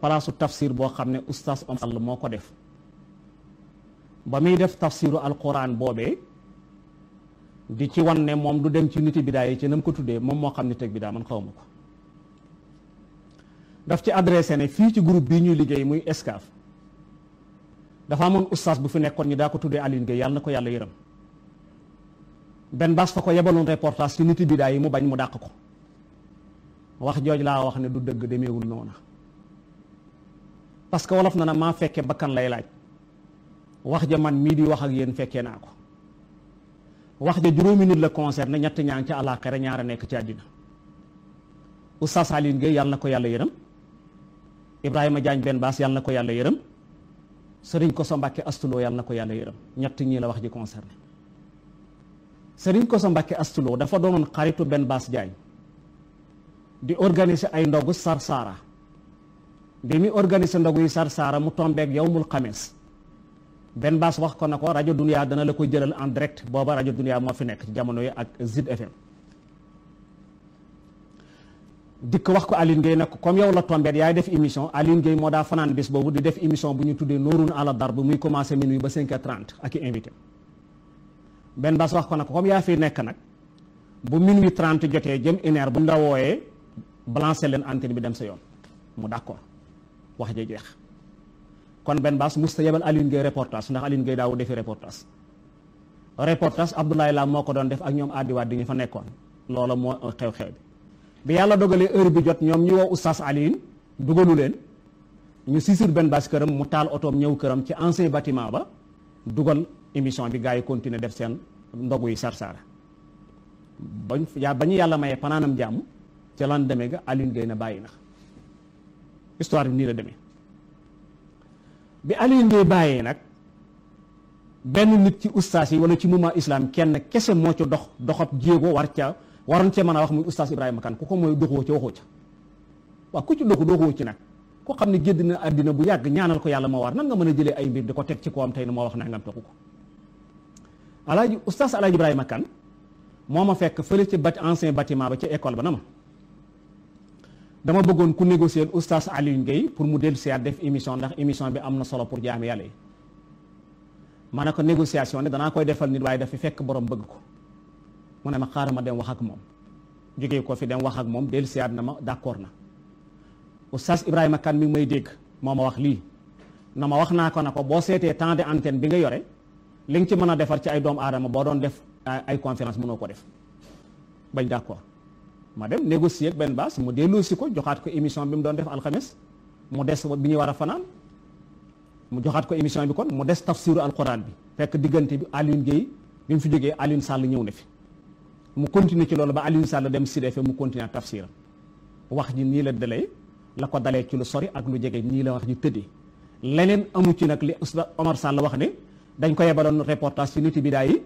palaasu tafsir boo xam ne oustaz Oumar Sall moo ko def ba muy def tafsiru alquran boobee di ci wan ne moom du dem ci niti bidaa yi ci nam ko tuddee moom moo xam ne teg bidaa man xaw ko daf ci adressé ne fii ci groupe bii ñuy liggéey muy Escaf dafa amoon oustaz bu fi nekkoon ñi daa ko tuddee Alioune Gueye yàlla na ko yàlla yërëm benn bas fa ko yebaloon reportage ci niti bidaa yi mu bañ mu dàq ko wax jooj laa wax ne du dëgg demeewul noona parce que wolof na na maa fekke bakkan lay laaj wax ja man mii di wax ak yéen fekke naa ko wax ja juróomi nit la concerné ñett ñaa ngi ca àllaaxira ñaara nekk ci àddina Oustaz Alioune Gueye yàlla na ko yàlla yërëm Ibrahima jaañ benn baas yàlla na ko yàlla yërëm sëriñ Kosso Mbacke Astuloo yàlla na ko yàlla yërëm ñett ñii la wax ji concerné Serigne Kosso Mbacke Astuloo dafa doonoon xaritu benn baas Diagne di organiser ay ndogu Sarsara bi mu organiser ndogu yi Sarsara mu tombeeg yawmul xamis benn baas wax ko na ko rajo Dunia dana la ko jëlal en direct booba rajo Dunia moo fi nekk ci jamono yi ak Zid FM dikk wax ko Aline Gueye nag comme yow la tombeet yaay def émission Aline moo daa fanaan bis boobu di def émission bu ñu tuddee Nourun ala Darb muy commencé minuit ba 5h30 ak i benn baas wax ko na ko comme yaa fi nekk nag bu minuit 30 jotee jëm une bu ñu la wooyee leen antenne bi dem sa yoon mu d'accord wax ja jeex kon benn baas musta yebal Alioune Gueye reportage ndax Alioune Gueye daawu defi reportage reportage Abdoulaye Lam moo ko doon def ak ñoom Adi di ñu fa nekkoon loola moo xew-xew bi bi yàlla dogalee heure bi jot ñoom ñu woo sas Alioune dugalu leen ñu siisir benn baas këram mu taal otoom ñëw këram ci ancien bâtiment ba dugal émission bi gars yi continuer def seen ndogu yi sarsara bañ yaa ba ñu yàlla mayee panaanam jàmm ca lan demee ga Alioune Gueye na bàyyi na histoire bi nii la demee bi Aliou Ndeye bàyyee nag benn nit ci ustaas yi wala ci mouvement islam kenn kese moo ca dox doxab jéego war ca waroon ca mën a wax muy ustaas Ibrahima Kane ku ko mooy doxoo ca waxoo ca waaw ku ci doxu doxoo ci nag ku xam ne gédd na àddina bu yàgg ñaanal ko yàlla moo war nan nga mën a jëlee ay mbir di ko teg ci kawam tey ne moo wax nangam toxu ko alaaji ustaas alaaji Ibrahima Kane moo ma fekk fële ci bat ancien batiment ba ci école ba na dama bëggoon ku négocier oustaz Alioune Gueye pour mu dellu si def émission ndax émission bi am na solo pour jaami yàlla yi ma ne ko négociation ne danaa koy defal nit waaye dafa fekk borom bëgg ko mu ne ma xaaral ma dem wax ak moom jógee ko fi dem wax ak moom dellu si na ma d'accord na oustaz Ibrahima kan mi ngi may dégg moo ma wax lii na ma wax naa ko na ko boo seetee temps de antenne bi nga yore li nga ci mën a defar ci ay doomu aadama boo doon def ay conférence mënoo ko def bañ d'accord ma dem négocier ak benn baas mu si ko joxaat ko émission bi mu doon def alxames mu des bi ñu war a fanaan mu joxaat ko émission bi kon mu des tafsiru alquran bi fekk diggante bi Alioune Guèye bi mu fi jógee Alioune Sall ñëw na fi mu continuer ci loolu ba Alioune Sall dem si FM mu continuer ak tafsiram wax ji nii la dalee la ko dalee ci lu sori ak lu jege nii la wax ji tëddee leneen amu ci nag li Oustaz Omar Sall wax ne dañ ko yebaloon reportage ci nit yi bidaa yi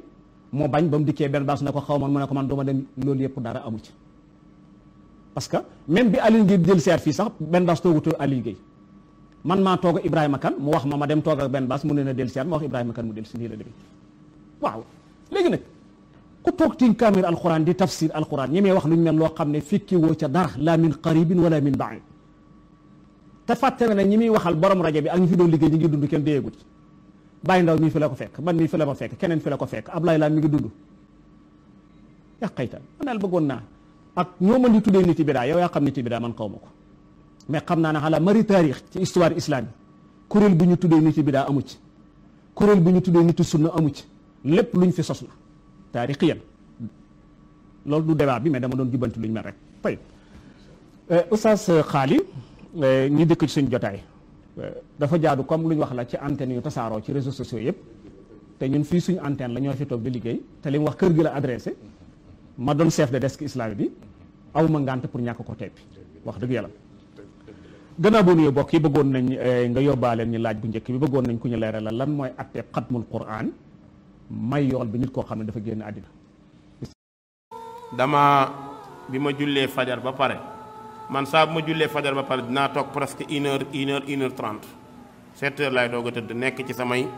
moo bañ ba mu dikkee benn baas ko xaw ma mu ko man duma dem loolu yëpp dara amu ci. parce que même bi Aline Gueye jël seet fii sax benn baas toogutul Aline Gueye man maa toog Ibrahima Kane mu wax ma ma dem toog ak benn baas mu ne na del seet ma wax Ibrahima Kane mu del si nii la demee waaw léegi nag ku toog tin ñi may wax lu ñu loo xam ne fikki woo ca dara la min qaribin wala min baid te fàtte na ne ñi muy waxal borom rajo bi ak ñu fi doon liggéey ñi ngi dund kenn déyegut bàyyi ndaw mii fi la ko fekk man mii fi la ma fekk keneen fi la ko fekk Ablaye laa mi ngi dund yaa man daal bëggoon naa ak ñoo mën di tuddee nit yi daa yow yaa xam nit yi daa man xaw ma ko mais xam naa ne xala mari taarix ci histoire islam kuréel bu ñu tuddee nit yi daa amu ci kuréel bu ñu tuddee nit sunna amu ci lépp lu ñu fi sos la taarixiyan loolu du débat bi mais dama doon jubbanti luñ mel rek tey euh, oustaz xaali euh, ñu dëkk ci suñ jotaay euh, dafa jaadu comme luñ wax la ci antenne yu tasaaroo ci réseaux sociaux yëpp te ñun fii suñu antenne la ñoo fi toog di liggéey te li mu wax kër gi la adressé ma doon chef de desk islamique bi aw ma ngànt pour ñàkk ko teppi wax dëgg yàlla gannaaw boo nuyoo bokk yi bëggoon nañ eh, nga yóbbaaleen ñu laaj bu njëkk bi bëggoon nañ ku ñu leeral la lan mooy attee xatmul quran may yool bi nit koo xam ne dafa génn àddina dama bi ma jullee fajar ba pare man saa bu ma jullee fajar ba pare dinaa toog presque une heure une heure une heure trente sept heures doog a tëdd nekk ci samay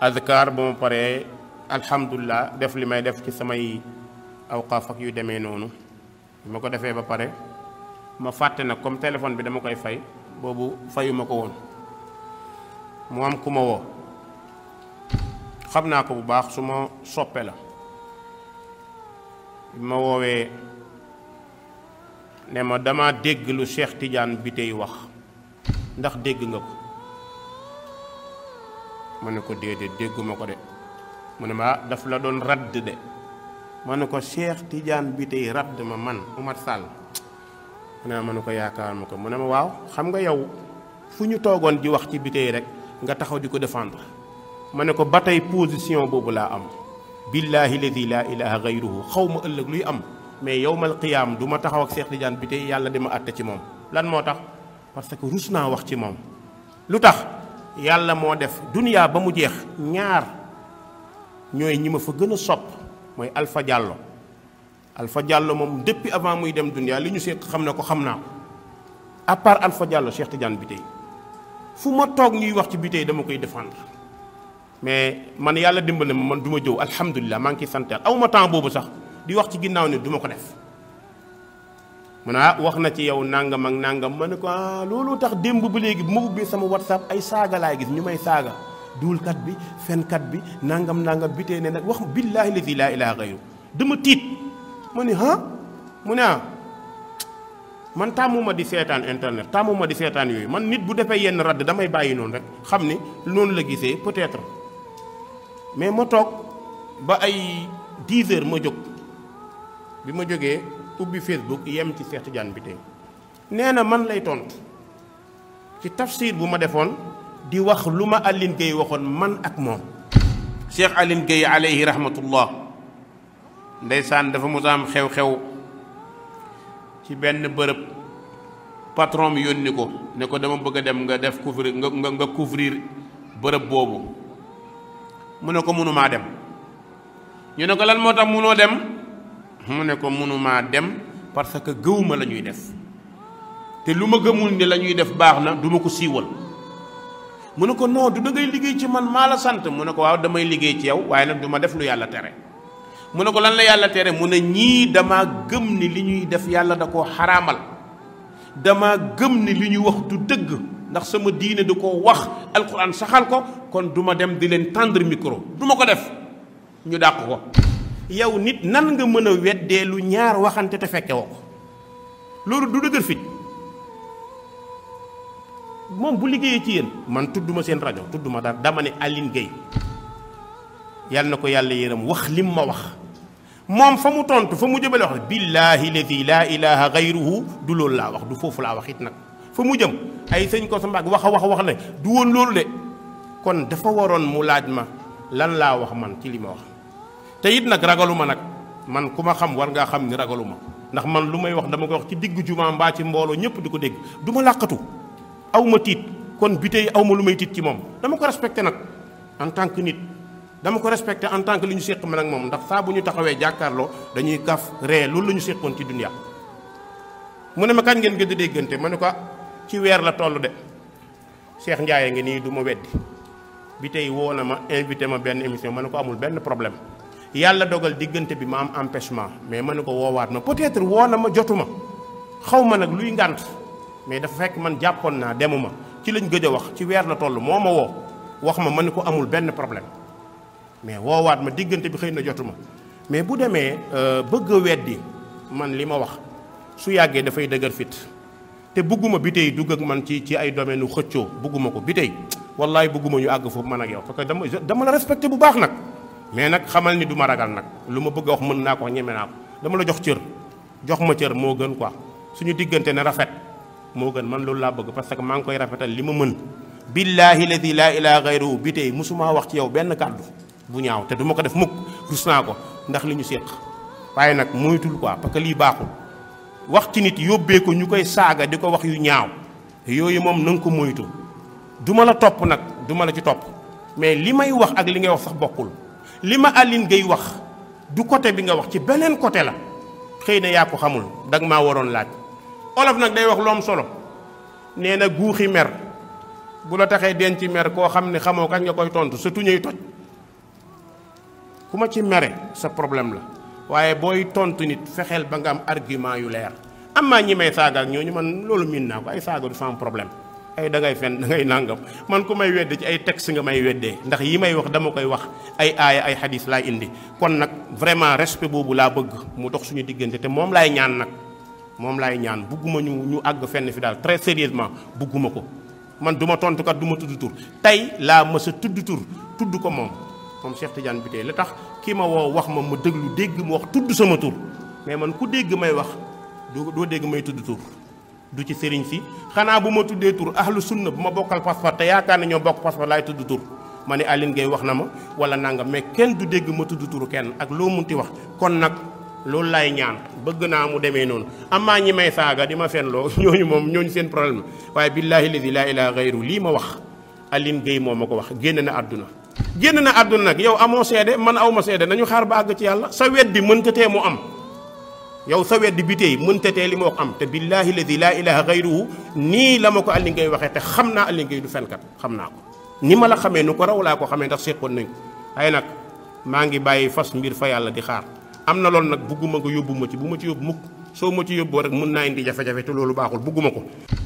azkar ba ma paree alhamdulilah def li may def ci samay awqaaf ak yu demee noonu bi ma ko defee ba pare ma fàtte na comme téléphone bi dama koy fay boobu fayuma ko woon mu am ku ma woo xam naa ko bu baax su ma soppe la bi ma woowee ne ma damaa dégg lu Cheikh Tidiane bi tey wax ndax dégg nga ko ma ne ko déedéet dégguma ko de mu ne ma ah, daf la doon radd de ma ne ko Cheikh Tidiane bi tey radd ma man Oumar Sall mu ne ma ne ko yaakaar ma ko mu ne ma waaw xam nga yow fu ñu toogoon di wax ci bi rek nga taxaw di ko défendre ma ne ko ba tey position boobu laa am billaahi ladi laa ilaha gayruhu xaw ma ëllëg luy am mais yowmal qiyaam du ma taxaw ak Cheikh Tidiane bi tey yàlla ma àtte ci moom lan moo tax parce que rus naa wax ci moom lu tax yàlla moo def duniyaa ba mu jeex ñaar ñooy ñi ma fa gën a sopp mooy Alpha Diallo Alpha Diallo moom depuis avant muy dem dunyaa li ñu seet xam na ko xam naa ko à part Alpha Diallo Cheikh Tidiane Bitèye fu ma toog ñuy wax ci Bitèye dama koy défendre mais man yàlla dimbali ma man duma ma jëw alhamdulilah maa ngi ciy sant aw ma temps boobu sax di wax ci ginnaaw ne duma ko def. mu ne wax na ci yow nangam ak nangam ma ne ko ah looloo tax démb bu léegi bu ma ubbee sama whatsapp ay saaga laay gis ñu may saaga. duulkat bi fenkat bi nangam nangam bi tey ne nag wax billaahi lazi laa ilaaha gayru dama tiit ma ni ah mu ne ah man tàmmuma di seetaan internet tàmmuma di seetaan yooyu man nit bu defee yenn radd damay bàyyi noonu rek xam ni noonu la gisee peut-être mais ma toog ba ay 10 heures ma jóg bi ma jógee ubbi Facebook yem ci Cheikh Tidiane bi nee na man lay tontu ci tafsir bu ma defoon. di wax lu ma Aline Gueye waxoon man ak moom Cheikh Aline Gueye alayhi rahmatullah ndeysaan dafa mos am xew-xew ci benn bërëb patron bi yónni ko ne ko dama bëgg a dem nga def couvrir nga nga couvrir bërëb boobu mu ne ko mënumaa dem ñu ne ko lan moo tax mënoo dem mu ne ko mënumaa dem parce que gëwuma la ñuy def te lu ma gëmul ne la ñuy def baax na duma ko siiwal mu ne ko noo du da ngay liggéey ci man maa la sant mu ne ko waaw damay liggéey ci yow waaye nag du ma def lu yàlla tere mu ne ko lan la yàlla tere mu ne ñii dama gëm ni li ñuy def yàlla da koo xaraamal dama gëm ni li ñuy wax du dëgg ndax sama diine du ko wax alquran saxal ko kon duma dem di leen tendre micro duma ko def ñu dàq ko yow nit nan nga mën a weddee lu ñaar waxante te fekke ko loolu du dëgër fit moom bu liggéeyee ci yéen man ma seen rajo tudduma dara dama ne Aline Gueye yàlla na ko yàlla yéenam wax lim ma wax moom fa mu tontu fa mu jëmale wax billaahi ladi laa ilaha gayruhu du loolu wax du foofu laa wax it nag fa mu jëm ay sëñ ko sa mbaag wax a wax wax ne du woon loolu de kon dafa waroon mu laaj ma lan laa wax man ci li ma wax te it nag ragalu ma nag man ku ma xam war ngaa xam ni ragalu ma ndax man lu may wax dama koy wax ci diggu jumaa mbaa ci mbooloo ñëpp di ko dégg du ma làqatu aw ma tiit kon buté yi aw ma lu may tiit ci moom dama ko respecté nag en tant que nit dama ko respecté en tant que li ñu séq ma nag moom ndax saa bu ñu taxawee jàkkaarloo dañuy gaf ree loolu la ñu séqoon ci dunya mu ne ma kañ ngeen di déggante ma ne ko ah, ci weer la toll de Cheikh Ndiaye ngi nii du ma weddi bi tey woo na ma invité ma benn émission ma ne ko amul benn problème yàlla dogal diggante bi ma am empêchement mais ma ne ko woowaat ma peut-être woo na ma jotu ma xaw ma nag luy ngànt mais dafa fekk man jàppoon naa ma ci lañ gëj a wax ci weer la toll moo ma woo wax ma ma ni ko amul benn problème mais woowaat ma diggante bi xëy na jotuma mais bu demee euh, bëgg a weddi man li ma wax su yàggee dafay dëgër fitt te bëgguma bi tey dugg ak man ci ci ay domaine u xëccoo bëgguma ko bi tey wallaay bëgguma ñu àgg foofu man ak yow parce que dama dama la respecté bu baax nag mais nag xamal ni du ma ragal nag lu ma bëgg a wax mën naa ko ñeme naa ko dama la jox cër jox ma moo gën quoi suñu diggante ne rafet moo gën man loolu laa bëgg parce que maa ngi koy rafetal li ma mën billaahi ladi laa ilaa gayruhu bi tey mosumaa wax ci yow benn kàddu bu ñaaw te duma ko def mukk rus naa ko ndax li ñu séq waaye nag moytul ko parce que lii baaxul wax ci nit yóbbee ko ñu koy saaga di ko wax yu ñaaw yooyu moom na ko moytu duma la topp nag duma la ci topp mais li may wax ak li ngay wax sax bokkul li ma Aline Gueye wax du côté bi nga wax ci beneen côté la xëy na yaa ko xamul danga maa waroon laaj olof nag day wax lu solo nee na guuxi mer bu la taxee denc mer koo xam ne xamoo kañ nga koy tontu surtout ñuy toj ku ma ci mere sa problème la waaye booy tontu nit fexeel ba nga am argument yu leer am maa ñi may saaga ak ñooñu man loolu miin naa ko ay saaga du sans problème ay dangay fen dangay nàngam man ku may wedde ci ay texte nga may weddee ndax yi may wax dama koy wax ay aaya ay xadis laay indi kon nag vraiment respect boobu laa bëgg mu dox suñu diggante moom laay ñaan nag moom laay ñaan bugguma ñu ñu àgg fenn fi daal très sérieusement bugguma ko man du ma tontukat du ma tudd tur tey laa mës a tudd tur tudd ko moom comme moom Cheikh bi Bitèye la tax kii ma woo wax ma mu dëgg dégg mu wax tudd sama tur mais man ku dégg may wax du doo dégg may tudd tur du ci sëriñ si xanaa bu ma tuddee tur ahlu sunna bu ma bokkal passeport te yaakaar ne ñoo bokk passeport laay tudd tur ma ne Aline Gueye wax na ma wala nangam mais kenn du dégg ma tudd turu kenn ak loo munti wax kon nag loolu laay ñaan bëgg naa mu demee noonu am maa ñi may saaga di ma fen fenloo ñooñu moom ñooñu seen problème waaye billaahi lazi laa ilaaha gayru lii ma wax Aline Gueye moo ma ko wax génn na àdduna génn na àdduna nag yow amoo seede man aw ma seede nañu xaar ba àgg ci yàlla sa weddi tee mu am yow sa weddi bi tey mëntatee li ma wax am te billaahi lazi laa ilaaha gayruhu nii la ma ko Aline Gueye waxee te xam naa Aline Gueye du fenkat xam naa ko ni ma la xamee nu ko raw laa ko xamee ndax séqoon nañ ko nag maa ngi bàyyi fas mbir fa yàlla di xaar am na loolu nag bugguma ko yóbbu ma ci bu ma ci yóbbu mukk soo ma ci yóbbu rek mun naa indi jafe-jafe te loolu baaxul bugguma ko